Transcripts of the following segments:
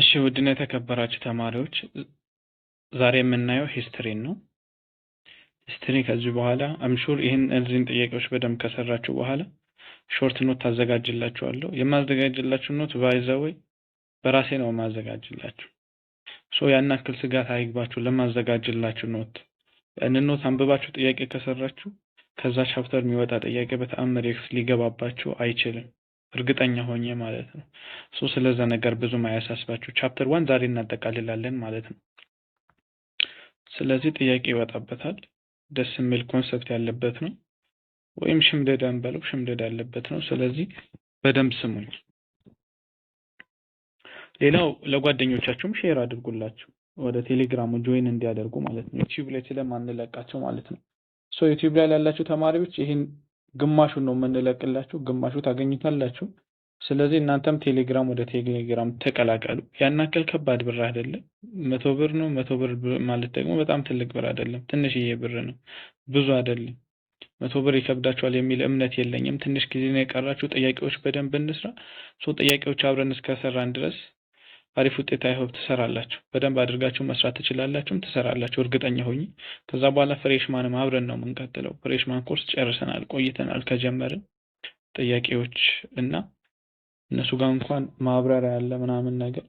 እሺ ውድና የተከበራችሁ ተማሪዎች ዛሬ የምናየው ሂስትሪን ነው። ሂስትሪ ከዚህ በኋላ አምሹር ይህን እዚህን ጥያቄዎች በደንብ ከሰራችሁ በኋላ ሾርት ኖት ታዘጋጅላችኋለሁ። የማዘጋጅላችሁ ኖት ባይዘወይ በራሴ ነው ማዘጋጅላችሁ ሶ ያን ስጋት አይግባችሁ። ለማዘጋጅላችሁ ኖት ያንን ኖት አንብባችሁ ጥያቄ ከሰራችሁ ከዛ ቻፕተር የሚወጣ ጥያቄ በተአምር ኤክስ ሊገባባችሁ አይችልም። እርግጠኛ ሆኜ ማለት ነው። እሱ ስለዛ ነገር ብዙ ማያሳስባችሁ ቻፕተር ዋን ዛሬ እናጠቃልላለን ማለት ነው። ስለዚህ ጥያቄ ይወጣበታል። ደስ የሚል ኮንሰፕት ያለበት ነው፣ ወይም ሽምደዳ እንበለው፣ ሽምደዳ ያለበት ነው። ስለዚህ በደንብ ስሙኝ። ሌላው ለጓደኞቻችሁም ሼር አድርጉላችሁ ወደ ቴሌግራሙ ጆይን እንዲያደርጉ ማለት ነው። ዩቲዩብ ላይ ስለማንለቃቸው ማለት ነው። ሶ ዩቲዩብ ላይ ላላችሁ ተማሪዎች ይህን ግማሹን ነው የምንለቅላችሁ፣ ግማሹ ታገኙታላችሁ። ስለዚህ እናንተም ቴሌግራም ወደ ቴሌግራም ተቀላቀሉ። ያናከል ከባድ ብር አይደለም። መቶ ብር ነው። መቶ ብር ማለት ደግሞ በጣም ትልቅ ብር አይደለም፣ ትንሽዬ ብር ነው። ብዙ አይደለም። መቶ ብር ይከብዳችኋል የሚል እምነት የለኝም። ትንሽ ጊዜ ነው የቀራችሁ። ጥያቄዎች በደንብ እንስራ። ጥያቄዎች አብረን እስከሰራን ድረስ አሪፍ ውጤት አይሆፕ ትሰራላችሁ። በደንብ አድርጋችሁ መስራት ትችላላችሁም ትሰራላችሁ፣ እርግጠኛ ሆኝ። ከዛ በኋላ ፍሬሽማንም አብረን ነው የምንቀጥለው። ፍሬሽማን ኮርስ ጨርሰናል፣ ቆይተናል ከጀመርን ጥያቄዎች እና እነሱ ጋር እንኳን ማብራሪያ ያለ ምናምን ነገር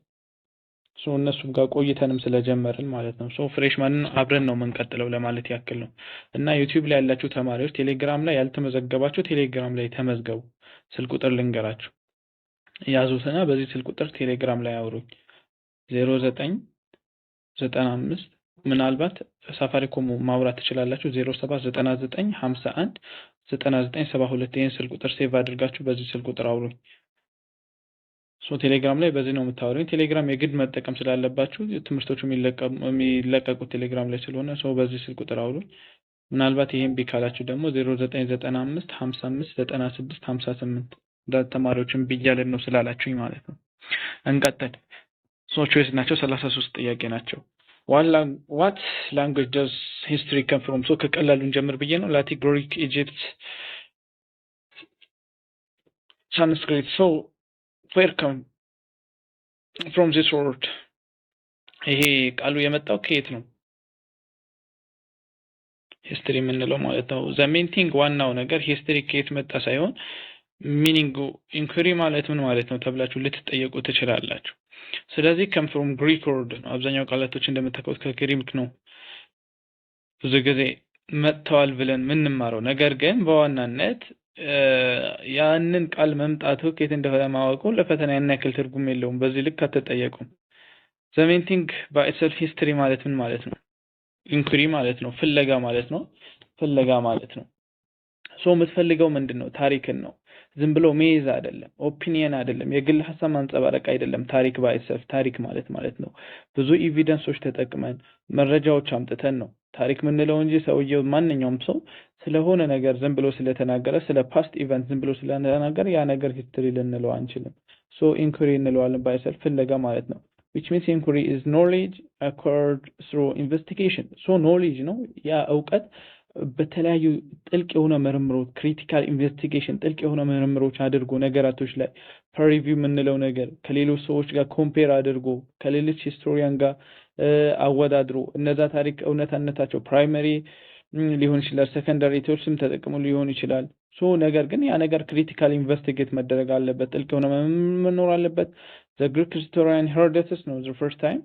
እነሱም ጋር ቆይተንም ስለጀመርን ማለት ነው። ሶ ፍሬሽማንን አብረን ነው የምንቀጥለው ለማለት ያክል ነው። እና ዩቲዩብ ላይ ያላችሁ ተማሪዎች ቴሌግራም ላይ ያልተመዘገባችሁ ቴሌግራም ላይ ተመዝገቡ። ስልክ ቁጥር ልንገራችሁ ያዙትና በዚህ ስልክ ጥር ቴሌግራም ላይ አውሩኝ። 0995 ምናልባት ሳፋሪኮም ማውራት ትችላላችሁ። 0799519972 ይህን ስልክ ጥር ሴቭ አድርጋችሁ በዚህ ስልክ ጥር አውሩኝ። ሶ ቴሌግራም ላይ በዚህ ነው የምታወሩኝ። ቴሌግራም የግድ መጠቀም ስላለባችሁ ትምህርቶቹ የሚለቀቁት ቴሌግራም ላይ ስለሆነ ሰው በዚህ ስልክ ጥር አውሩኝ። ምናልባት ይህም ቢካላችሁ ደግሞ 0995 55 96 58 ተማሪዎችን ብያለን ነው ስላላችሁኝ ማለት ነው። እንቀጥል። ሶ ናቸው ሰላሳ ሶስት ጥያቄ ናቸው። ዋት ላንጉጅ ዶዝ ሂስትሪ ከም ፍሮም ሶ ከቀላሉን ጀምር ብዬ ነው። ላቲን፣ ግሪክ፣ ኢጂፕት፣ ሳንስክሪት ሶ ዌር ከም ፍሮም ዚስ ወርድ ይሄ ቃሉ የመጣው ከየት ነው? ሂስትሪ የምንለው ማለት ነው። ዘ ሜን ቲንግ ዋናው ነገር ሂስትሪ ከየት መጣ ሳይሆን ሚኒንጉ ኢንኩሪ ማለት ምን ማለት ነው ተብላችሁ ልትጠየቁ ትችላላችሁ። ስለዚህ ከም ፍሮም ግሪክ ወርድ ነው። አብዛኛው ቃላቶች እንደምታውቁት ከግሪክ ነው ብዙ ጊዜ መጥተዋል ብለን ምንማረው። ነገር ግን በዋናነት ያንን ቃል መምጣቱ ከየት እንደሆነ ማወቁ ለፈተና ያን ያክል ትርጉም የለውም። በዚህ ልክ አትጠየቁም። ዘሜንቲንግ ኢትሰልፍ ሂስትሪ ማለት ምን ማለት ነው? ኢንኩሪ ማለት ነው፣ ፍለጋ ማለት ነው፣ ፍለጋ ማለት ነው። ሶ የምትፈልገው ምንድን ነው? ታሪክን ነው። ዝም ብሎ ሜዝ አይደለም፣ ኦፒኒየን አይደለም፣ የግል ሀሳብ ማንጸባረቅ አይደለም። ታሪክ ባይሰልፍ ታሪክ ማለት ማለት ነው ብዙ ኢቪደንሶች ተጠቅመን መረጃዎች አምጥተን ነው ታሪክ ምንለው እንጂ ሰውየው ማንኛውም ሰው ስለሆነ ነገር ዝም ብሎ ስለተናገረ ስለ ፓስት ኢቨንት ዝም ብሎ ስለተናገረ ያ ነገር ሂስትሪ ልንለው አንችልም። ሶ ኢንኩሪ እንለዋለን ባይሰልፍ ፍለጋ ማለት ነው። ዊች ሚንስ ኢንኩሪ ኢዝ ኖሌጅ አኮርድ ስሩ ኢንቨስቲጌሽን። ሶ ኖሌጅ ነው ያ እውቀት በተለያዩ ጥልቅ የሆነ ምርምሮች ክሪቲካል ኢንቨስቲጌሽን ጥልቅ የሆነ ምርምሮች አድርጎ ነገራቶች ላይ ፐርሪቪው የምንለው ነገር ከሌሎች ሰዎች ጋር ኮምፔር አድርጎ ከሌሎች ሂስቶሪያን ጋር አወዳድሮ እነዛ ታሪክ እውነታነታቸው ፕራይመሪ ሊሆን ይችላል፣ ሴኮንዳሪ ቶችም ተጠቅሞ ሊሆን ይችላል። ሶ ነገር ግን ያ ነገር ክሪቲካል ኢንቨስቲጌት መደረግ አለበት፣ ጥልቅ የሆነ መኖር አለበት። ዘ ግሪክ ሂስቶሪያን ሄሮዶተስ ነው ዘ ፈርስት ታይም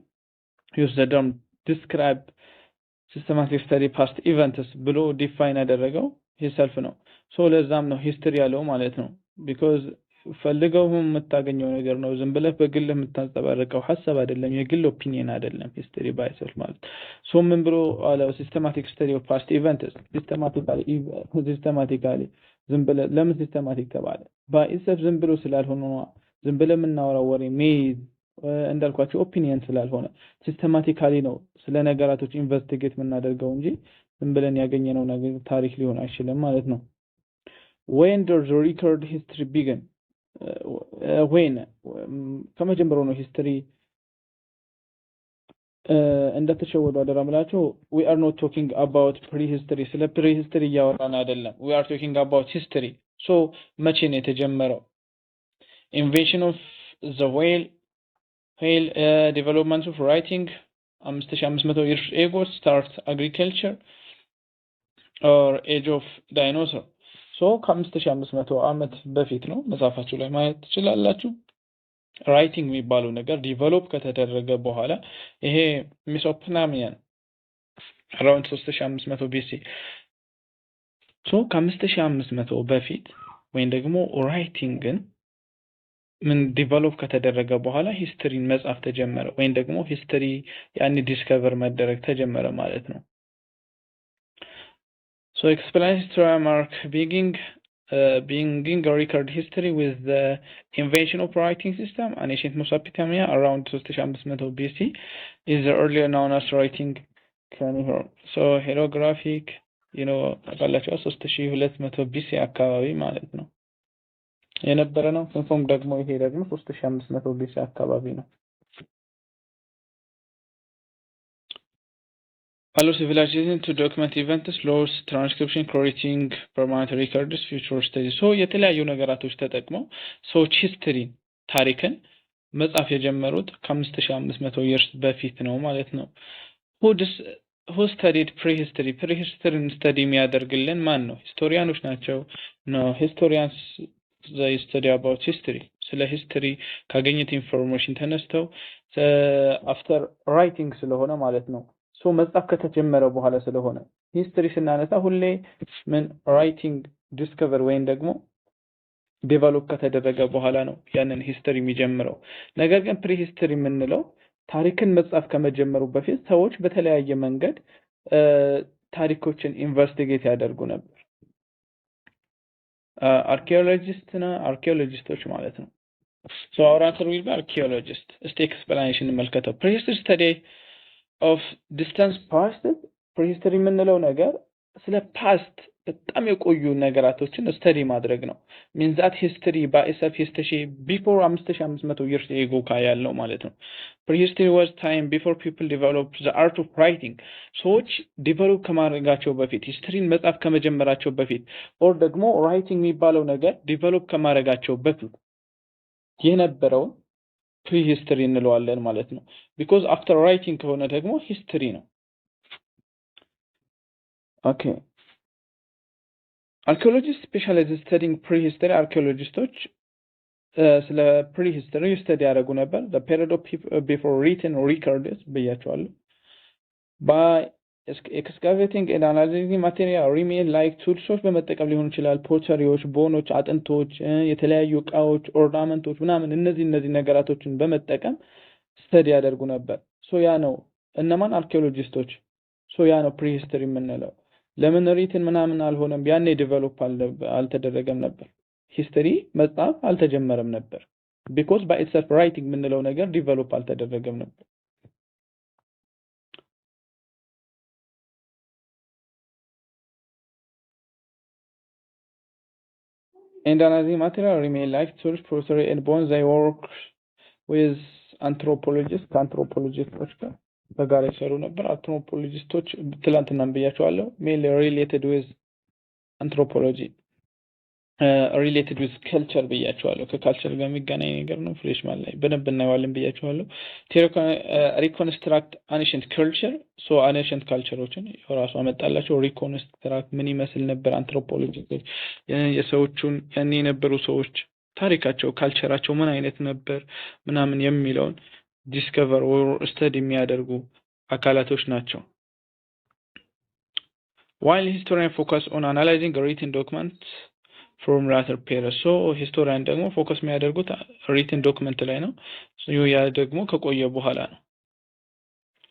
ዩስ ዘ ደርም ዲስክራይብ ሲስተማቲክ ስተዲ ፓስት ኢቨንትስ ብሎ ዲፋይን ያደረገው ሂሰልፍ ነው። ሶ ለዛም ነው ሂስትሪ ያለው ማለት ነው። ቢኮዝ ፈልገው የምታገኘው ነገር ነው። ዝም ብለህ በግልህ የምታንጸባርቀው ሀሳብ አይደለም፣ የግል ኦፒኒየን አይደለም። ሂስትሪ ባይሰልፍ ማለት ሶ ምን ብሎ አለው? ሲስተማቲክ ስተዲ ኦፍ ፓስት ኢቨንትስ ሲስተማቲካሊ ዝም ብለህ ለምን ሲስተማቲክ ተባለ? ባይሰልፍ ዝም ብሎ ስላልሆነ ዝም ብለህ የምናወራው ወሬ ሜድ እንዳልኳቸው ኦፒኒየን ስላልሆነ ሲስተማቲካሊ ነው ስለ ነገራቶች ኢንቨስቲጌት የምናደርገው እንጂ ዝም ብለን ያገኘነው ነገር ታሪክ ሊሆን አይችልም ማለት ነው። ዌን ዶር ሪከርድ ሂስትሪ ወይን ከመጀመሪያው ነው ሂስትሪ እንደተሸወዱ አደራ ምላቸው። ዊ አር ኖት ቶኪንግ አባውት ፕሪ ሂስትሪ፣ ስለ ፕሪ ሂስትሪ እያወራን አይደለም። ዊ አር ቶኪንግ አባውት ሂስትሪ። ሶ መቼ ነው የተጀመረው? ኢንቬንሽን ኦፍ ዘ ዌል ፌል ዴቨሎፕመንት ኦፍ ራይቲንግ 5500 ኢርስ ኤጎ ስታርት አግሪካልቸር ኦር ኤጅ ኦፍ ዳይኖሰር ሶ ከ5500 ዓመት በፊት ነው። መጽሐፋችሁ ላይ ማየት ትችላላችሁ። ራይቲንግ የሚባለው ነገር ዲቨሎፕ ከተደረገ በኋላ ይሄ ሚሶፕናሚያን አራውንድ 3500 ቢሲ ሶ ከ5500 በፊት ወይም ደግሞ ራይቲንግን ምን ዲቨሎፕ ከተደረገ በኋላ ሂስትሪን መጻፍ ተጀመረ ወይም ደግሞ ሂስትሪ ያን ዲስከቨር መደረግ ተጀመረ ማለት ነው። ሶ ኤክስፕላናቶሪ ማርክ ቢጊንግ ቢንግ ሪከርድ ሂስትሪ ዊዝ ዘ ኢንቨንሽን ኦፍ ራይቲንግ ሲስተም አንሽንት ኤንሽንት አራውንድ 3500 ቢሲ ኢዝ ዘ ኤርሊየር ናውን አስ ራይቲንግ ካን ሄር ሶ ሄሮግራፊክ ዩ ኖ አቃላቸው 3200 ቢሲ አካባቢ ማለት ነው። የነበረ ነው። ኮንፎርም ደግሞ ይሄ ደግሞ 3500 ቢሲ አካባቢ ነው። Allow civilization to document events, laws, transcription, creating permanent records, future stages. so የተለያዩ ነገራቶች ተጠቅመው ሰዎች ሂስትሪን ታሪክን መጻፍ የጀመሩት ከ5500 ይርስ በፊት ነው ማለት ነው። ሁ ስተዲድ ፕሪሂስትሪ ፕሪሂስትሪን ስተዲ የሚያደርግልን ማን ነው? ሂስቶሪያኖች ናቸው። ኖ ሂስቶሪያንስ ስተዲ አባውት ሂስትሪ ስለ ሂስትሪ ካገኘት ኢንፎርሜሽን ተነስተው አፍተር uh, ራይቲንግ ስለሆነ ማለት ነው። ሶ መጻፍ ከተጀመረ በኋላ ስለሆነ ሂስትሪ ስናነሳ ሁሌ ምን ራይቲንግ ዲስከቨር ወይም ደግሞ ዴቨሎፕ ከተደረገ በኋላ ነው ያንን ሂስትሪ የሚጀምረው። ነገር ግን ፕሪ ሂስትሪ የምንለው ታሪክን መጽሐፍ ከመጀመሩ በፊት ሰዎች በተለያየ መንገድ uh, ታሪኮችን ኢንቨስቲጌት ያደርጉ ነበር። አርኪኦሎጂስት ነው አርኪኦሎጂስቶች ማለት ነው። ሶ አውራተር ዊል ቢ አርኪኦሎጂስት። እስቲ ኤክስፕላኔሽን እንመልከተው። ፕሪሂስትሪ ስተዲ ኦፍ ዲስታንስ ፓስት ፕሪሂስትሪ የምንለው ነገር ስለ ፓስት በጣም የቆዩ ነገራቶችን ስተዲ ማድረግ ነው። ሚንዛት ሂስትሪ ባኢሰፍ ሂስትሺ ቢፎር አምስት ሺ አምስት መቶ ይርስ የጎካ ያለው ማለት ነው። ፕሪሂስትሪ ዋዝ ታይም ቢፎር ፒፕል ዲቨሎፕ ዘ አርት ኦፍ ራይቲንግ ሰዎች ዲቨሎፕ ከማድረጋቸው በፊት ሂስትሪን መጻፍ ከመጀመራቸው በፊት ኦር ደግሞ ራይቲንግ የሚባለው ነገር ዲቨሎፕ ከማድረጋቸው በፊት የነበረውን ፕሪሂስትሪ እንለዋለን ማለት ነው። ቢኮዝ አፍተር ራይቲንግ ከሆነ ደግሞ ሂስትሪ ነው። ኦኬ አርኪኦሎጂስት ስፔሻላይዝ ስተዲንግ ፕሪሂስትሪ አርኪኦሎጂስቶች ስለ ፕሪሂስትሪ ስተዲ ያደረጉ ነበር። ፔሪድ ቢፎር ሪትን ሪከርድስ ብያቸዋሉ ኤክስካቬቲንግ ኤንድ አናላይዚንግ ማቴሪያል ሪሜን ላይክ ቱልሶች በመጠቀም ሊሆን ይችላል። ፖቸሪዎች፣ ቦኖች፣ አጥንቶች፣ uh, የተለያዩ እቃዎች፣ ኦርናመንቶች ምናምን እነዚህ እነዚህ ነገራቶችን በመጠቀም ስተዲ ያደርጉ ነበር። ሶ ያ ነው እነማን አርኪኦሎጂስቶች። ሶ ያ ነው ፕሪሂስትሪ የምንለው። ለምን ሪትን ምናምን አልሆነም? ያኔ ዲቨሎፕ አልተደረገም ነበር። ሂስትሪ መጽሐፍ አልተጀመረም ነበር። ቢኮዝ ባይ ኢትሰልፍ ራይቲንግ የምንለው ነገር ዲቨሎፕ አልተደረገም ነበር። And ማቴሪያል material remain like ፕሮሰሪ ኤንድ and bones. I work አንትሮፖሎጂስት anthropologists, በጋራ ይሰሩ ነበር። አንትሮፖሎጂስቶች ትላንትና ብያቸዋለሁ። ሜል ሪሌትድ ዊዝ አንትሮፖሎጂ ሪሌትድ ዊዝ ከልቸር ብያቸዋለሁ። ከካልቸር ጋር የሚገናኝ ነገር ነው። ፍሬሽማን ላይ በደንብ እናየዋለን ብያቸዋለሁ። ሪኮንስትራክት አንሽንት ካልቸር ሶ አንሽንት ካልቸሮችን ራሱ አመጣላቸው። ሪኮንስትራክት ምን ይመስል ነበር አንትሮፖሎጂስቶች የሰዎቹን ያኔ የነበሩ ሰዎች ታሪካቸው፣ ካልቸራቸው ምን አይነት ነበር ምናምን የሚለውን ዲስከቨር ወይም ስተድ የሚያደርጉ አካላቶች ናቸው። ዋይል ሂስቶሪያን ፎከስ ኦን አናላይዚንግ ሪትን ዶክመንት ፍሮም ራተር ፔረስ ሶ ሂስቶሪያን ደግሞ ፎከስ የሚያደርጉት ሪትን ዶክመንት ላይ ነው። ያ ደግሞ ከቆየ በኋላ ነው።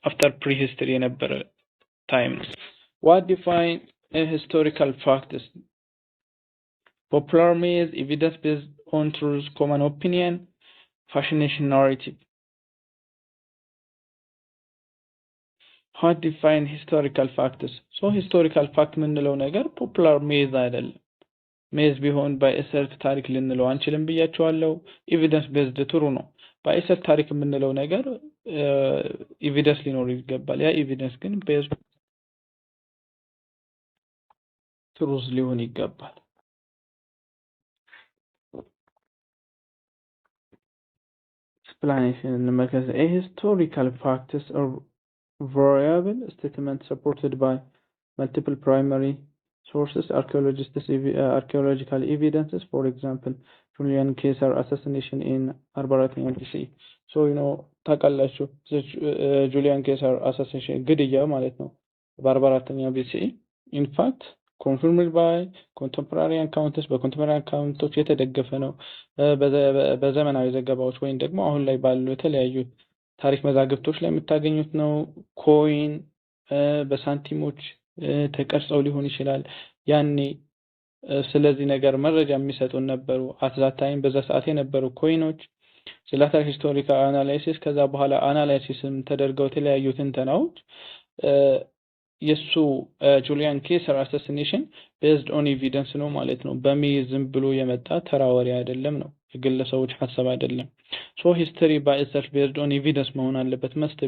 አፍተር ፕሪ ሂስትሪ የነበረ ታይም ነው። ዋት ዲፋይን ሂስቶሪካል ፋክትስ ፖፑላር ሜዝ ኤቪደንስ ቤዝድ ኦን ትሩዝ ኮመን ኦፒኒየን ፋሽኔሽን ናሬቲቭ ሃት ዲፋይን ሂስቶሪካል ፋክትስ ሶ ሂስቶሪካል ፋክት የምንለው ነገር ፖፑላር ሜዝ አይደለም። ሜዝ ቢሆን ባይእስርት ታሪክ ልንለው አንችልም ብያቸዋለው። ኤቪደንስ ቤዝድ ትሩ ነው። ባይእስርት ታሪክ የምንለው ነገር ኤቪደንስ uh, ሊኖር ይገባል። ያ ኤቪደንስ ግን ቤዝድ ትሩዝ ሊሆን ይገባል። ኤክስፕላኔሽን እንመልከት። ሂስቶሪካል ፋክትስ variable statement supported by multiple primary sources, uh, archaeological evidences, for example, Julian Caesar assassination in Arbarat, DC. So, you know, Takalashu, uh, Julian Caesar assassination, Gidija, Maletno, Barbarat, BC. In fact, confirmed by contemporary accounts, but contemporary encounters, yet a degafeno, uh, Bezemanize Gabos, Wayne Degma, who lay by Lutelia youth. ታሪክ መዛግብቶች ላይ የምታገኙት ነው። ኮይን በሳንቲሞች ተቀርጸው ሊሆን ይችላል። ያኔ ስለዚህ ነገር መረጃ የሚሰጡን ነበሩ። አትዛታይም በዛ ሰዓት የነበሩ ኮይኖች ስለ ታሪክ ሂስቶሪካል አናላይሲስ ከዛ በኋላ አናላይሲስም ተደርገው የተለያዩ ትንተናዎች የእሱ ጁሊያን ኬሰር አሰሲኔሽን ቤዝድ ኦን ኤቪደንስ ነው ማለት ነው። በሜ ዝም ብሎ የመጣ ተራ ወሬ አይደለም ነው የግለሰቦች ሀሳብ አይደለም። ሶ ሂስትሪ ባይ ኢትሰልፍ ቤዝድ ኦን ኤቪደንስ መሆን አለበት። መስት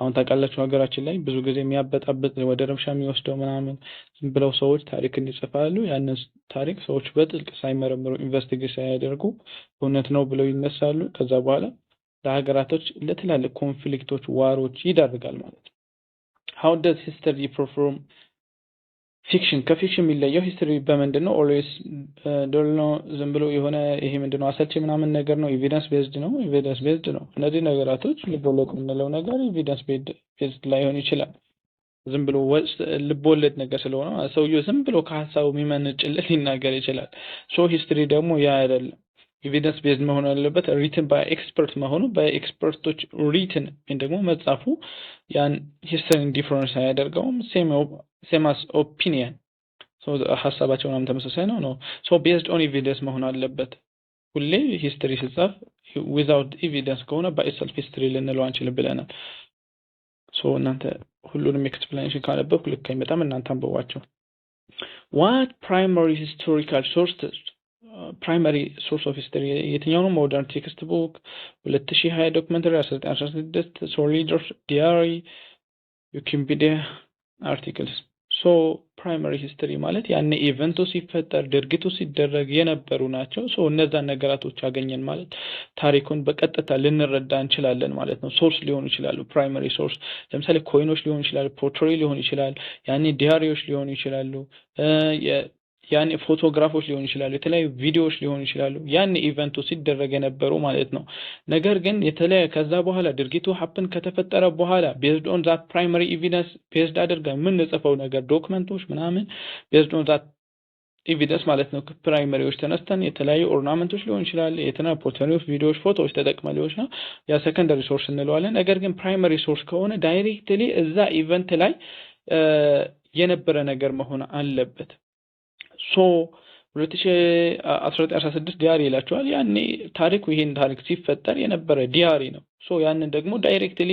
አሁን ታውቃላችሁ፣ ሀገራችን ላይ ብዙ ጊዜ የሚያበጣብጥ ወደ ረብሻ የሚወስደው ምናምን ዝም ብለው ሰዎች ታሪክን ይጽፋሉ። ያንን ታሪክ ሰዎች በጥልቅ ሳይመረምሩ ኢንቨስቲጌ ሳያደርጉ እውነት ነው ብለው ይነሳሉ። ከዛ በኋላ ለሀገራቶች ለትላልቅ ኮንፍሊክቶች፣ ዋሮች ይዳርጋል ማለት ነው። ሀው ደስ ሂስተሪ ፐርፎርም ፊክሽን ከፊክሽን የሚለየው ሂስትሪ በምንድን ነው? ኦልዌይስ ዶል ነው። ዝም ብሎ የሆነ ይሄ ምንድን ነው አሰልቺ ምናምን ነገር ነው። ኤቪደንስ ቤዝድ ነው። ኤቪደንስ ቤዝድ ነው። እነዚህ ነገራቶች ልቦለድ የምንለው ነገር ኤቪደንስ ቤዝድ ላይሆን ይችላል። ዝም ብሎ ልቦለድ ነገር ስለሆነ ሰውየ ዝም ብሎ ከሀሳቡ የሚመነጭለት ሊናገር ይችላል። ሶ ሂስትሪ ደግሞ ያ አይደለም። ኤቪደንስ ቤዝድ መሆን ያለበት ሪትን ባይ ኤክስፐርት መሆኑ በኤክስፐርቶች ሪትን ወይም ደግሞ መጻፉ ያን ሂስትሪን ዲፍረንስ አያደርገውም ሴም same as opinion. So the no, no. So based on evidence Mahunal but only history itself without evidence corona by itself history in the launch So Nanta Hulunic explanation can a book look came at What primary historical sources? primary source of history. የትኛው ነው ሞደርን ቴክስት ቡክ ሁለት ሺህ ሀያ ዶክመንተሪ አስራ ዘጠኝ አስራ ስድስት ሶሊደር ዲያሪ ዩኪምፒዲያ ሶ ፕራይመሪ ሂስትሪ ማለት ያኔ ኢቨንቱ ሲፈጠር ድርጊቱ ሲደረግ የነበሩ ናቸው። ሶ እነዛን ነገራቶች አገኘን ማለት ታሪኩን በቀጥታ ልንረዳ እንችላለን ማለት ነው። ሶርስ ሊሆኑ ይችላሉ። ፕራይመሪ ሶርስ ለምሳሌ ኮይኖች ሊሆኑ ይችላሉ፣ ፖርትሬ ሊሆን ይችላል፣ ያኔ ዲያሪዎች ሊሆኑ ይችላሉ ያኔ ፎቶግራፎች ሊሆኑ ይችላሉ፣ የተለያዩ ቪዲዮዎች ሊሆኑ ይችላሉ። ያኔ ኢቨንቱ ሲደረግ የነበሩ ማለት ነው። ነገር ግን የተለያየ ከዛ በኋላ ድርጊቱ ሀፕን ከተፈጠረ በኋላ ቤዝድ ኦን ዛት ፕራይመሪ ኢቪደንስ ቤዝድ አድርገን የምንጽፈው ነገር ዶክመንቶች ምናምን ቤዝድ ኦን ዛት ኢቪደንስ ማለት ነው። ፕራይመሪዎች ተነስተን የተለያዩ ኦርናመንቶች ሊሆን ይችላል፣ የተለያዩ ፖርተሪዎች፣ ቪዲዮዎች፣ ፎቶዎች ተጠቅመ ሊሆን ነው ያ ሰከንደሪ ሶርስ እንለዋለን። ነገር ግን ፕራይመሪ ሶርስ ከሆነ ዳይሬክትሊ እዛ ኢቨንት ላይ የነበረ ነገር መሆን አለበት። ሶ 2016 ዲያሪ ይላቸዋል። ያኔ ታሪኩ ይሄን ታሪክ ሲፈጠር የነበረ ዲያሪ ነው። ሶ ያንን ደግሞ ዳይሬክትሊ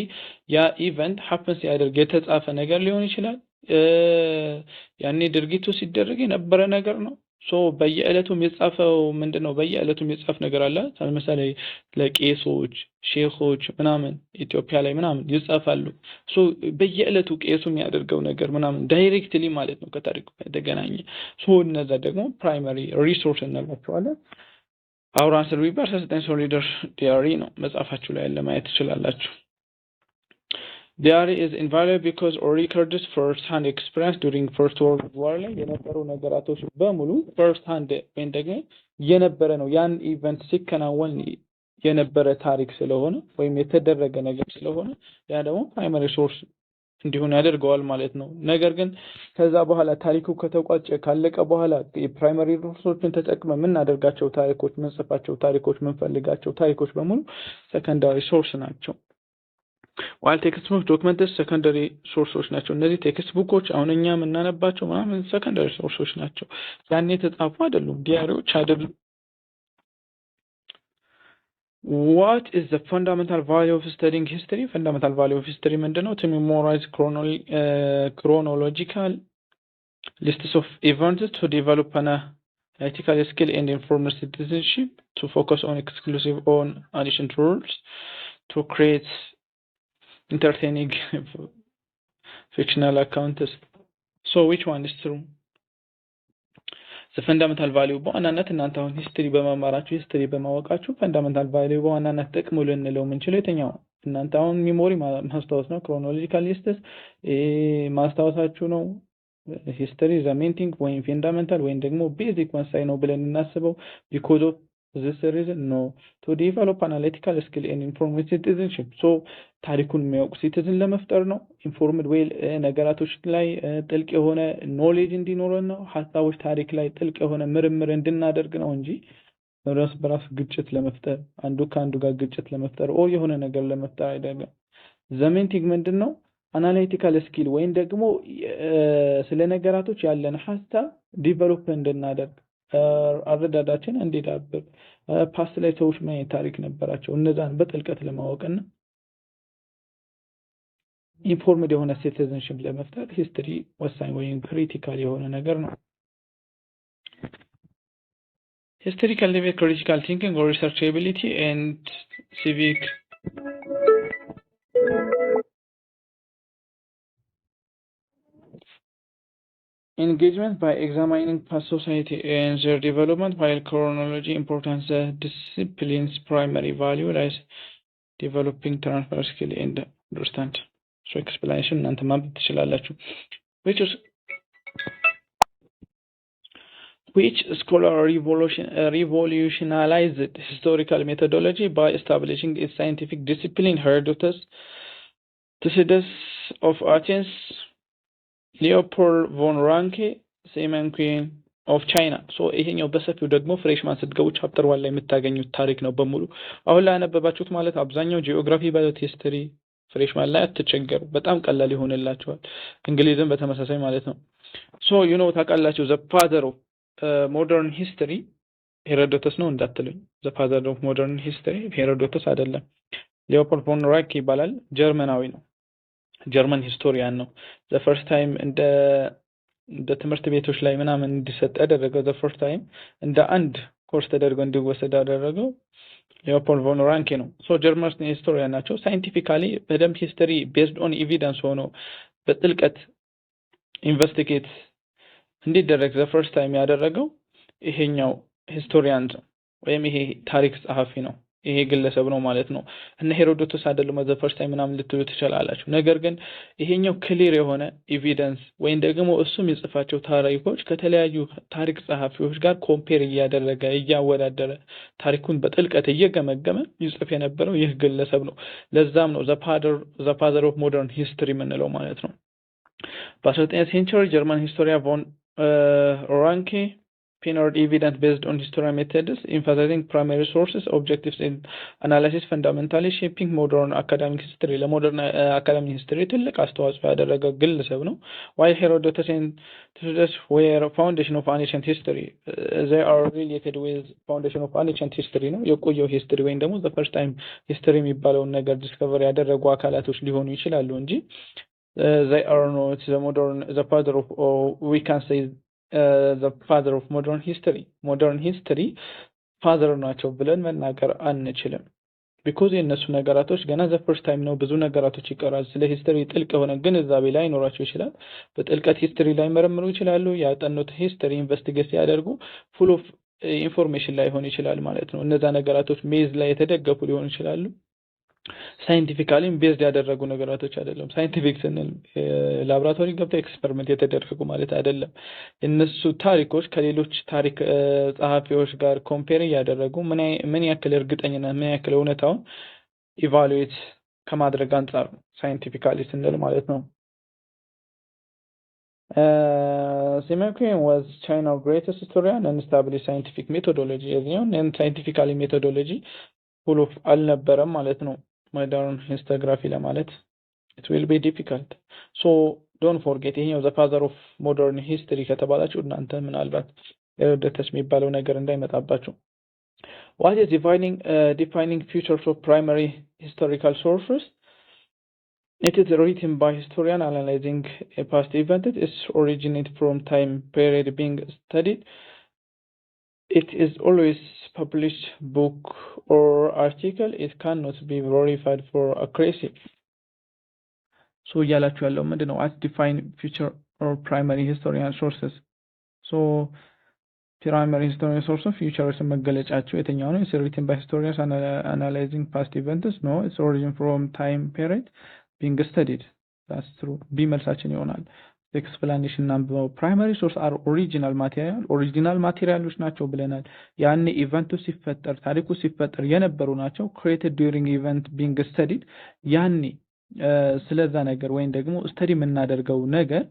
ያ ኢቨንት ሀፕን ሲያደርግ የተጻፈ ነገር ሊሆን ይችላል። ያኔ ድርጊቱ ሲደረግ የነበረ ነገር ነው። ሶ በየዕለቱ የሚጻፈው ምንድን ነው? በየዕለቱ የሚጻፍ ነገር አለ። ለምሳሌ ለቄሶች ሼኮች ምናምን ኢትዮጵያ ላይ ምናምን ይጻፋሉ። ሶ በየዕለቱ ቄሱ የሚያደርገው ነገር ምናምን ዳይሬክትሊ ማለት ነው ከታሪክ የተገናኘ ሶ እነዛ ደግሞ ፕራይመሪ ሪሶርስ እንላቸዋለን። አውራንስ ሪቨርስ ዘ ሶሊደር ዲያሪ ነው መጽሐፋችሁ ላይ ያለ ማየት ትችላላችሁ። ዲያሪ ኢዝ ኢንቫሊድ ቢኮዝ ሪከርድስ ፈርስት ሃንድ ኤክስፒሪንስ ዱሪንግ ፈርስት ወርልድ ዋር ላይ የነበሩ ነገራቶች በሙሉ ፈርስት ሃንድ ወይም ደግሞ የነበረ ነው። ያን ኢቨንት ሲከናወን የነበረ ታሪክ ስለሆነ ወይም የተደረገ ነገር ስለሆነ ያ ደግሞ ፕራይመሪ ሶርስ እንዲሆን ያደርገዋል ማለት ነው። ነገር ግን ከዛ በኋላ ታሪኩ ከተቋጨ ካለቀ በኋላ የፕራይመሪ ሶርሶችን ተጠቅመ የምናደርጋቸው ታሪኮች፣ ምንጽፋቸው ታሪኮች፣ ምንፈልጋቸው ታሪኮች በሙሉ ሰከንዳሪ ሶርስ ናቸው። while textbook document the secondary sources ናቸው እነዚህ ቴክስትቡኮች አሁን እኛ የምናነባቸው ምናምን secondary sources ናቸው ያኔ የተጻፉ አይደሉም ዲያሪዎች አይደሉም what is the fundamental value of studying history fundamental value of history ምንድነው to memorize uh, chronological lists of events to develop an ethical skill and informed citizenship to focus on exclusive on addition rules to create entertaining fictional account is. So which one is true? ፈንዳመንታል ቫሊዩ በዋናነት እናንተ አሁን ሂስትሪ በመማራችሁ ሂስትሪ በማወቃችሁ ፈንዳመንታል ቫሊዩ በዋናነት ጥቅሙ ልንለው የምንችለው የትኛው እናንተ አሁን ሚሞሪ ማስታወስ ነው፣ ክሮኖሎጂካል ሊስትስ ማስታወሳችሁ ነው። ሂስትሪ ዘ ወይም ፌንዳመንታል ወይም ደግሞ ቤዚክ ወንሳይ ነው ብለን እናስበው ቢኮዝ ኦፍ For this reason, no. To develop analytical skill and informed citizenship. ሶ ታሪኩን የሚያውቅ ሲቲዝን ለመፍጠር ነው። ኢንፎርምድ ዌል eh, ነገራቶች ላይ eh, ጥልቅ የሆነ ኖሌጅ እንዲኖረን ነው። ሀሳቦች ታሪክ ላይ ጥልቅ የሆነ ምርምር እንድናደርግ ነው እንጂ ራስ በራስ ግጭት ለመፍጠር አንዱ ከአንዱ ጋር ግጭት ለመፍጠር ኦር የሆነ ነገር ለመፍጠር አይደለም። ዘሜንቲክ ምንድን ነው? አናላይቲካል ስኪል ወይም ደግሞ eh, ስለ ነገራቶች ያለን ሀሳብ ዲቨሎፕ እንድናደርግ አረዳዳችን እንዴት ፓስት ላይ ሰዎች ምን አይነት ታሪክ ነበራቸው እነዛን በጥልቀት ለማወቅና ኢንፎርምድ የሆነ ሲቲዝንሽፕ ለመፍጠር ሂስትሪ ወሳኝ ወይም ክሪቲካል የሆነ ነገር ነው። ሂስትሪ ካልቲቬት ክሪቲካል ቲንኪንግ ሪሰርች ኤቢሊቲ ኤንድ ሲቪክ Engagement by examining past society and their development, while chronology importance the discipline's primary value lies developing transfer skill and understand. So explanation and the map Which is which scholar revolution, uh, revolutionized historical methodology by establishing a scientific discipline Herodotus, Thucydides of Athens, ሊዮፖል ቮን ራንኬ ሴመን ኩን ኦፍ ቻይና ይሄኛው በሰፊው ደግሞ ፍሬሽማን ስትገቡ ቻፕተር ዋን ላይ የምታገኙት ታሪክ ነው በሙሉ አሁን ላይ ያነበባችሁት ማለት አብዛኛው ጂኦግራፊ ባዮት ሂስትሪ ፍሬሽማን ላይ አትቸገሩ በጣም ቀላል ይሆንላቸዋል እንግሊዝም በተመሳሳይ ማለት ነው ሶ ዩ ኖ ታውቃላችሁ ዘ ፋዘር ኦፍ ሞደርን ሂስትሪ ሄሮዶተስ ነው እንዳትሉኝ ዘ ፋዘር ኦፍ ሞደርን ሂስትሪ ሄሮዶተስ አይደለም ሊዮፖልድ ቮን ራንኬ ይባላል ጀርመናዊ ነው ጀርመን ሂስቶሪያን ነው። ዘ ፈርስት ታይም እንደ እንደ ትምህርት ቤቶች ላይ ምናምን እንዲሰጥ ያደረገው ዘ ፈርስት ታይም እንደ አንድ ኮርስ ተደርገው እንዲወሰድ ያደረገው ሊዮፖል ቮን ራንኬ ነው። ሶ ጀርመን ሂስቶሪያን ናቸው። ሳይንቲፊካሊ በደንብ ሂስትሪ ቤዝድ ኦን ኤቪደንስ ሆኖ በጥልቀት ኢንቨስቲጌት እንዲደረግ ዘ ፈርስት ታይም ያደረገው ይሄኛው ሂስቶሪያን ወይም ይሄ ታሪክ ጸሐፊ ነው። ይሄ ግለሰብ ነው ማለት ነው። እነ ሄሮዶቶስ አይደለም ዘ ፈርስት ታይም ምናምን ልትሉ ትችላላችሁ። ነገር ግን ይሄኛው ክሊር የሆነ ኤቪደንስ ወይም ደግሞ እሱም የጽፋቸው ታሪኮች ከተለያዩ ታሪክ ጸሐፊዎች ጋር ኮምፔር እያደረገ እያወዳደረ ታሪኩን በጥልቀት እየገመገመ ይጽፍ የነበረው ይህ ግለሰብ ነው። ለዛም ነው ዘ ፋዘር ኦፍ ሞደርን ሂስትሪ የምንለው ማለት ነው። በአስራ ዘጠነኛ ሴንቸሪ ጀርማን ሂስቶሪያ ቮን ራንኬ Pinard or evidence based on historical methods, emphasizing primary sources, objectives in analysis, fundamentally shaping modern academic history ለሞደርን አካዳሚ ሂስትሪ ትልቅ አስተዋጽኦ ያደረገ ግለሰብ ነው። while Herodotus and Thucydides were foundation of ancient history, uh, they are related with foundation of ancient history No, ነው። የቆየው ሂስትሪ ወይም ደግሞ the first time history የሚባለውን ነገር ዲስከቨር ያደረጉ አካላቶች ሊሆኑ ይችላሉ እንጂ uh, they are not the modern the father of or we can say ዘ ፋዘር ኦፍ ሞደርን ሂስትሪ ሞደርን ሂስትሪ ፋዘር ናቸው ብለን መናገር አንችልም። ቢኮዝ የእነሱ ነገራቶች ገና ዘ ፈርስት ታይም ነው። ብዙ ነገራቶች ይቀራል። ስለ ሂስትሪ ጥልቅ የሆነ ግንዛቤ ላይ ይኖራቸው ይችላል። በጥልቀት ሂስትሪ ላይ መረምሩ ይችላሉ። ያጠኑት ሂስትሪ ኢንቨስቲጌት ያደርጉ ፉል ኦፍ ኢንፎርሜሽን ላይ ሆን ይችላል ማለት ነው። እነዛ ነገራቶች ሜዝ ላይ የተደገፉ ሊሆኑ ይችላሉ። ሳይንቲፊካሊም ቤዝድ ያደረጉ ነገራቶች አይደለም። ሳይንቲፊክ ስንል ላብራቶሪ ገብተው ኤክስፐሪመንት የተደረጉ ማለት አይደለም። እነሱ ታሪኮች ከሌሎች ታሪክ ጸሐፊዎች ጋር ኮምፔር እያደረጉ ምን ያክል እርግጠኝነት ምን ያክል እውነታውን ኢቫሉዌት ከማድረግ አንጻር ሳይንቲፊካሊ ስንል ማለት ነው። ሲመኩን ዋዝ ቻይና ግሬተስት ሂስቶሪያን እንስታብሊ ሳይንቲፊክ ሜቶዶሎጂ የዚኛውን ሳይንቲፊካሊ ሜቶዶሎጂ ፉል ኦፍ አልነበረም ማለት ነው። modern historiography lamalet. It will be difficult. So don't forget he was the father of modern history katabalachu nantan min albat erdetach mibalo neger nda imetabachu. What is defining uh, defining features of primary historical sources? It is written by historian analyzing past events. It originated from time period being studied. It is always published book or article, it cannot be verified for accuracy። ሶ እያላችሁ ያለው ምንድን ነው? አስ ዲፋይን ፊቸር ኦር ፕራይማሪ ሂስቶሪያን ሶርስስ ሶ ፕራይማሪ ሂስቶሪያን ሶርስ ፊቸርስ መገለጫቸው የትኛው ነው? ኢትስ ሪትን ባይ ሂስቶሪያንስ አናላይዚንግ ፓስት ኢቨንትስ ኖ ኢትስ ኦሪጂን ፍሮም ታይም ፔሪድ ቢንግ ስተዲድ ዳትስ ትሩ ቢ መልሳችን ይሆናል። ኤክስፕላኔሽን እናንብበው። ፕራይማሪ ሶርስ አር ኦሪጂናል ማቴሪያል ኦሪጂናል ማቴሪያሎች ናቸው ብለናል። ያኔ ኢቨንቱ ሲፈጠር ታሪኩ ሲፈጠር የነበሩ ናቸው። ክሬትድ ዱሪንግ ኢቨንት ቢንግ ስተዲድ ያኔ ስለዛ ነገር ወይም ደግሞ ስተዲ የምናደርገው ነገር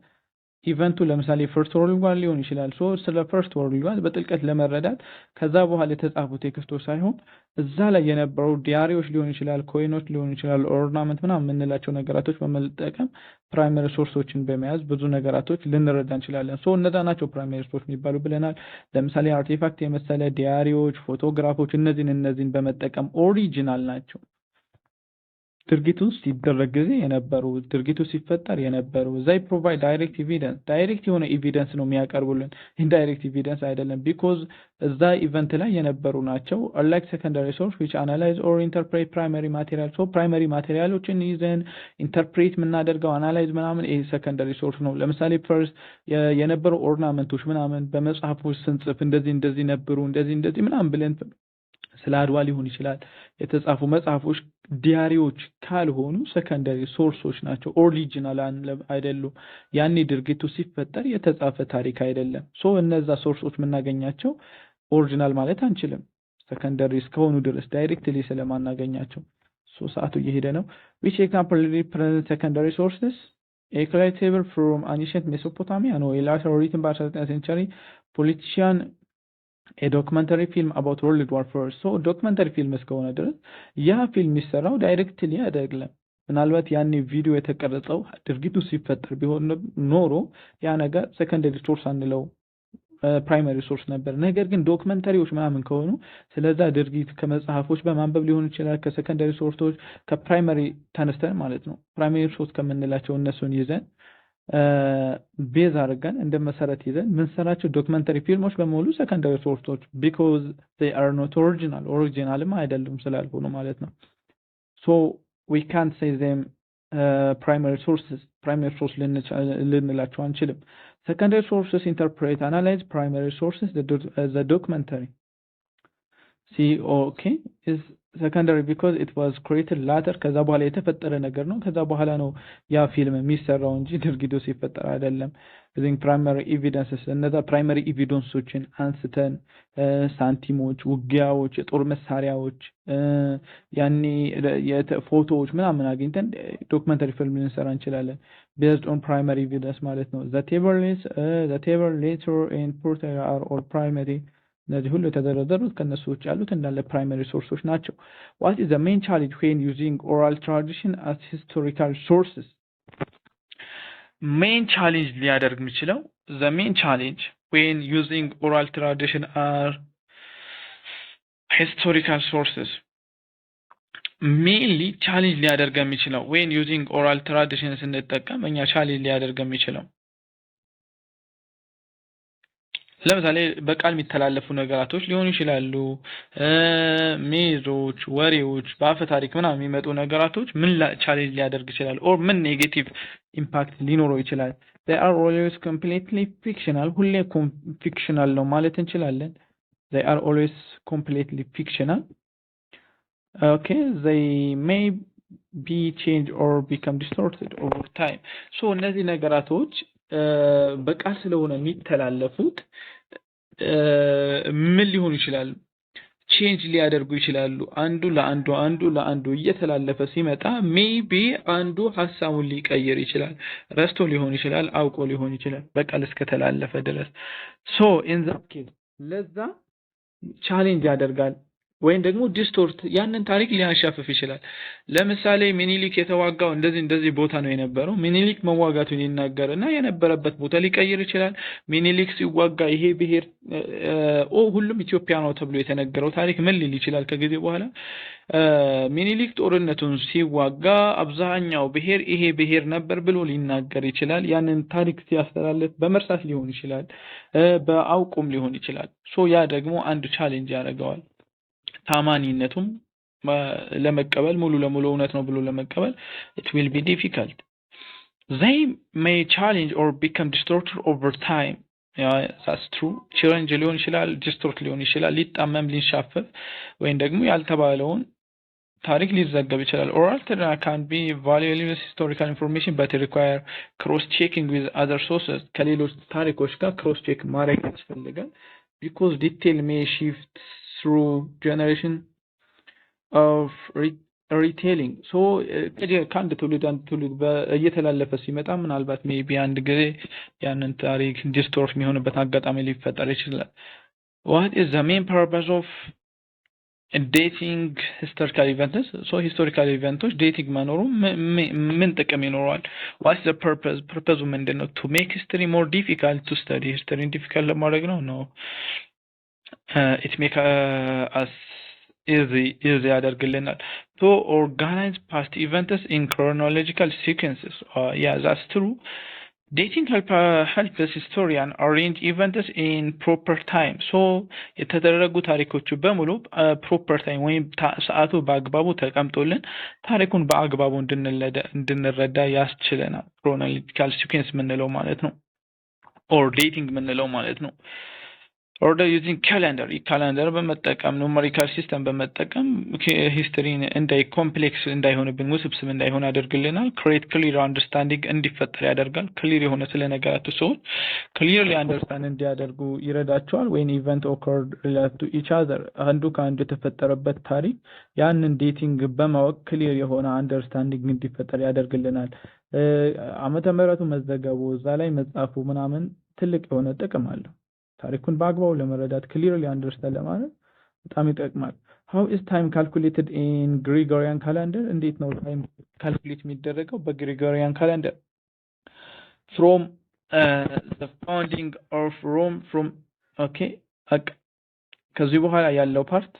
ኢቨንቱ ለምሳሌ ፈርስት ወርልድ ዋር ሊሆን ይችላል። ሶ ስለ ፈርስት ወርልድ ዋር በጥልቀት ለመረዳት ከዛ በኋላ የተጻፉ ቴክስቶች ሳይሆን እዛ ላይ የነበሩ ዲያሪዎች ሊሆን ይችላል፣ ኮይኖች ሊሆን ይችላል፣ ኦርናመንት ምናምን የምንላቸው ነገራቶች በመጠቀም ፕራይመሪ ሶርሶችን በመያዝ ብዙ ነገራቶች ልንረዳ እንችላለን። ሶ እነዛ ናቸው ፕራይመሪ ሶርስ የሚባሉ ብለናል። ለምሳሌ አርቴፋክት የመሰለ ዲያሪዎች፣ ፎቶግራፎች እነዚህን እነዚህን በመጠቀም ኦሪጂናል ናቸው። ድርጊቱ ሲደረግ ጊዜ የነበሩ ድርጊቱ ሲፈጠር የነበሩ ዛይ ፕሮቫይድ ዳይሬክት ኤቪደንስ ዳይሬክት የሆነ ኤቪደንስ ነው የሚያቀርቡልን፣ ኢንዳይሬክት ኤቪደንስ አይደለም። ቢኮዝ እዛ ኢቨንት ላይ የነበሩ ናቸው። ላይክ ሴኮንዳሪ ሶርስ ዊች አናላይዝ ኦር ኢንተርፕሬት ፕራይማሪ ማቴሪያል። ሶ ፕራይማሪ ማቴሪያሎችን ይዘን ኢንተርፕሬት የምናደርገው አናላይዝ ምናምን ይህ ሴኮንዳሪ ሶርስ ነው። ለምሳሌ ፈርስት የነበሩ ኦርናመንቶች ምናምን በመጽሐፎች ስንጽፍ እንደዚህ እንደዚህ ነበሩ እንደዚህ እንደዚህ ምናምን ብለን ስለ አድዋ ሊሆን ይችላል የተጻፉ መጽሐፎች ዲያሪዎች ካልሆኑ ሰከንደሪ ሶርሶች ናቸው። ኦሪጂናል አይደሉም። ያኔ ድርጊቱ ሲፈጠር የተጻፈ ታሪክ አይደለም። ሶ እነዛ ሶርሶች የምናገኛቸው ኦሪጂናል ማለት አንችልም፣ ሰከንደሪ እስከሆኑ ድረስ ዳይሬክትሊ ስለማናገኛቸው። ሶ ሰአቱ እየሄደ ነው። ዊች ኤግዛምፕል ሪፕሬዘንት ሰከንደሪ ሶርስስ ኤክላይቴብል ፍሮም አንሽንት ሜሶፖታሚያ ነው የላተር ሪትን በ19 ሴንቸሪ ፖለቲሽያን የዶክመንተሪ ፊልም አባውት ወርልድ ዋር ፈርስት ዶክመንተሪ ፊልም እስከሆነ ድረስ ያ ፊልም የሚሰራው ዳይሬክትሊ አይደለም። ምናልባት ያኔ ቪዲዮ የተቀረጸው ድርጊቱ ሲፈጠር ቢሆን ኖሮ ያ ነገር ሰከንደሪ ሶርስ አንለው ፕራይመሪ ሶርስ ነበር። ነገር ግን ዶክመንተሪዎች ምናምን ከሆኑ ስለዛ ድርጊት ከመጽሐፎች በማንበብ ሊሆን ይችላል፣ ከሰከንደሪ ሶርሶች ከፕራይመሪ ተነስተን ማለት ነው። ፕራይመሪ ሶርስ ከምንላቸው እነሱን ይዘን ቤዝ አድርገን እንደ መሰረት ይዘን የምንሰራቸው ዶክመንተሪ ፊልሞች በሙሉ ሰከንዳሪ ሶርሶች ቢኮዝ ዜይ አር ኖት ኦሪጂናል ኦሪጂናልም አይደሉም ስላልሆኑ ማለት ነው። ሶ ዊ ካንት ሴይ ዜም ፕራይመሪ ሶርስስ ፕራይመሪ ሶርስ ልንላቸው አንችልም። ሰከንዳሪ ሶርስስ ኢንተርፕሬት አናላይዝ ፕራይመሪ ሶርስስ ዘ ዶክመንተሪ ሲኦኬ ኢዝ ሰከንደሪ ቢኮዝ ኢት ዋዝ ክሬትድ ላተር ከዛ በኋላ የተፈጠረ ነገር ነው። ከዛ በኋላ ነው ያ ፊልም የሚሰራው እንጂ ድርጊቱ ሲፈጠር አይደለም። ዚንክ ፕራይማሪ ኤቪደንስስ እነዛ ፕራይማሪ ኤቪደንሶችን አንስተን ሳንቲሞች፣ ውጊያዎች፣ የጦር መሳሪያዎች፣ ያኔ ፎቶዎች ምናምን አግኝተን ዶክመንታሪ ፊልም ልንሰራ እንችላለን። ቤዝድ ኦን ፕራይማሪ ኤቪደንስ ማለት ነው። ዘ ቴቨር ሌተር ኤንድ ፖርተር አር ኦል ፕራይማሪ እነዚህ ሁሉ የተዘረዘሩት ከእነሱ ውጭ ያሉት እንዳለ ፕራይመሪ ሶርሶች ናቸው። ዋት ዘ ሜን ቻሌንጅ ዌን ዩዚንግ ኦራል ትራዲሽን አስ ሂስቶሪካል ሶርስስ? ሜን ቻሌንጅ ሊያደርግ የሚችለው ዘ ሜን ቻሌንጅ ዌን ዩዚንግ ኦራል ትራዲሽን አር ሂስቶሪካል ሶርስስ ሜንሊ ቻሌንጅ ሊያደርገ የሚችለው ዌን ዩዚንግ ኦራል ትራዲሽን ስንጠቀም እኛ ቻሌንጅ ሊያደርገ የሚችለው ለምሳሌ በቃል የሚተላለፉ ነገራቶች ሊሆኑ ይችላሉ። ሜዞች፣ ወሬዎች፣ በአፈ ታሪክ ምናምን የሚመጡ ነገራቶች ምን ቻሌንጅ ሊያደርግ ይችላል? ኦር ምን ኔጌቲቭ ኢምፓክት ሊኖረው ይችላል? ዘአር አር ኦልዌይስ ፊክሽናል፣ ሁሌ ፊክሽናል ነው ማለት እንችላለን። ዘአር አር ኦልዌይስ ፊክሽናል። ኦኬ ዘይ ሜይ ቢ ቼንጅ ኦር ቢከም ዲስቶርትድ ኦቨር ታይም። ሶ እነዚህ ነገራቶች በቃል ስለሆነ የሚተላለፉት ምን ሊሆኑ ይችላሉ? ቼንጅ ሊያደርጉ ይችላሉ። አንዱ ለአንዱ አንዱ ለአንዱ እየተላለፈ ሲመጣ ሜይቢ አንዱ ሀሳቡን ሊቀይር ይችላል። ረስቶ ሊሆን ይችላል፣ አውቆ ሊሆን ይችላል። በቃል እስከተላለፈ ድረስ ሶ ኢን ዛት ኬዝ ለዛ ቻሌንጅ ያደርጋል። ወይም ደግሞ ዲስቶርት ያንን ታሪክ ሊያንሻፍፍ ይችላል። ለምሳሌ ሚኒሊክ የተዋጋው እንደዚህ እንደዚህ ቦታ ነው የነበረው። ሚኒሊክ መዋጋቱን ይናገር እና የነበረበት ቦታ ሊቀይር ይችላል። ሚኒሊክ ሲዋጋ ይሄ ብሔር ኦ ሁሉም ኢትዮጵያ ነው ተብሎ የተነገረው ታሪክ ምን ሊል ይችላል? ከጊዜ በኋላ ሚኒሊክ ጦርነቱን ሲዋጋ አብዛኛው ብሔር ይሄ ብሔር ነበር ብሎ ሊናገር ይችላል። ያንን ታሪክ ሲያስተላልፍ በመርሳት ሊሆን ይችላል፣ በአውቁም ሊሆን ይችላል። ሶ ያ ደግሞ አንድ ቻሌንጅ ያደርገዋል። ታማኒነቱም ለመቀበል ሙሉ ለሙሉ እውነት ነው ብሎ ለመቀበል it will be difficult they may challenge or become distorted over time that's true ቺረንጅ ሊሆን ይችላል ዲስቶርት ሊሆን ይችላል ሊጣመም ሊንሻፈፍ ወይም ደግሞ ያልተባለውን ታሪክ ሊዘገብ ይችላል or altered can be valueless historical information but require cross checking with other sources ከሌሎች ታሪኮች ጋር ክሮስ ቼክ ማድረግ ያስፈልጋል because detail may shift through generation of ሪቴሊንግ ሶ eh, ከአንድ ትውልድ አንድ ትውልድ እየተላለፈ ሲመጣ ምናልባት ሜቢ አንድ ጊዜ ያንን ታሪክ ዲስቶርት የሚሆንበት አጋጣሚ ሊፈጠር ይችላል። ዋት ኢዝ ዘ ሜን ፐርፐስ ኦፍ ዴቲንግ ሂስቶሪካል ኢቨንትስ? ሶ ሂስቶሪካል ኢቨንቶች ዴቲንግ መኖሩ ምን ጥቅም ይኖረዋል? ዋት ዘ ፐርፐስ ፐርፐዙ ምንድን ነው? ቱ ሜክ ሂስትሪ ሞር ዲፊካልት ቱ ስተዲ ሂስትሪን ዲፊካልት ለማድረግ ነው ነው Uh, it make uh, us easy easy adergelenler. To organize past events in chronological sequences. Uh, yeah, that's true. Dating help help historian arrange events in proper time. ሶ የተደረጉ ታሪኮቹ በሙሉ ፕሮፐር ታይም ወይም ሰዓቱ በአግባቡ ተቀምጦልን ታሪኩን በአግባቡ እንድንረዳ ያስችለናል። ክሮኖሎጂካል chilena chronological ማለት ነው። ኦር or dating ማለት ነው። ኦርደር ዩዚንግ ካላንደር ካላንደር በመጠቀም ኑመሪካል ሲስተም በመጠቀም ሂስትሪን እንዳይ ኮምፕሌክስ እንዳይሆንብን ውስብስብ እንዳይሆን ያደርግልናል። ክሬት ክሊር አንደርስታንዲንግ እንዲፈጠር ያደርጋል። ክሊር የሆነ ስለ ነገራቱ ሰዎች ክሊር አንደርስታንድ እንዲያደርጉ ይረዳቸዋል። ወይን ኢቨንት ኦኮርድ ሪላቱ ኢቻዘር አንዱ ከአንዱ የተፈጠረበት ታሪክ ያንን ዴቲንግ በማወቅ ክሊር የሆነ አንደርስታንዲንግ እንዲፈጠር ያደርግልናል። አመተ ምህረቱ መዘገቡ እዛ ላይ መጻፉ ምናምን ትልቅ የሆነ ጥቅም አለው። ታሪኩን በአግባቡ ለመረዳት ክሊርሊ አንደርስታንድ ለማድረግ በጣም ይጠቅማል። ሀው ኢዝ ታይም ካልኩሌትድ ኢን ግሪጎሪያን ካላንደር? እንዴት ነው ታይም ካልኩሌት የሚደረገው በግሪጎሪያን ካላንደር? ፍሮም ፋውንዲንግ ኦፍ ሮም ፍሮም ኦኬ ከዚህ በኋላ ያለው ፓርት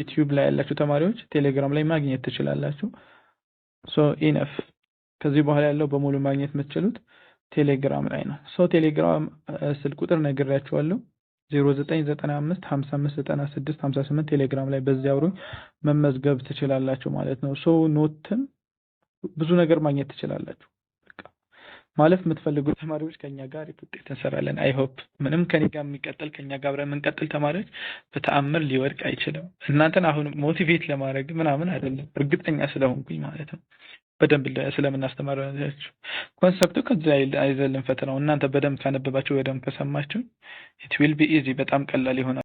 ዩቲዩብ ላይ ያላችሁ ተማሪዎች ቴሌግራም ላይ ማግኘት ትችላላችሁ። ሶ ኢነፍ ከዚህ በኋላ ያለው በሙሉ ማግኘት የምትችሉት ቴሌግራም ላይ ነው። ሰው ቴሌግራም uh, ስልክ ቁጥር ነግሬያችኋለሁ 0995559658 ቴሌግራም ላይ በዚያ አብሮኝ መመዝገብ ትችላላችሁ ማለት ነው። ሰው ኖትም ብዙ ነገር ማግኘት ትችላላችሁ። ማለፍ የምትፈልጉ ተማሪዎች ከኛ ጋር ውጤት እንሰራለን። አይሆፕ ምንም ከኔ ጋር የሚቀጥል ከኛ ጋር አብረን የምንቀጥል ተማሪዎች በተአምር ሊወድቅ አይችልም። እናንተን አሁን ሞቲቬት ለማድረግ ምናምን አይደለም፣ እርግጠኛ ስለሆንኩኝ ማለት ነው። በደንብ ስለምናስተምራችሁ ኮንሰፕቱ ከዚያ አይዘልን ፈተናው እናንተ በደንብ ካነበባቸው በደንብ ከሰማችሁ ኢት ዊል ቢ ኢዚ በጣም ቀላል ይሆናል።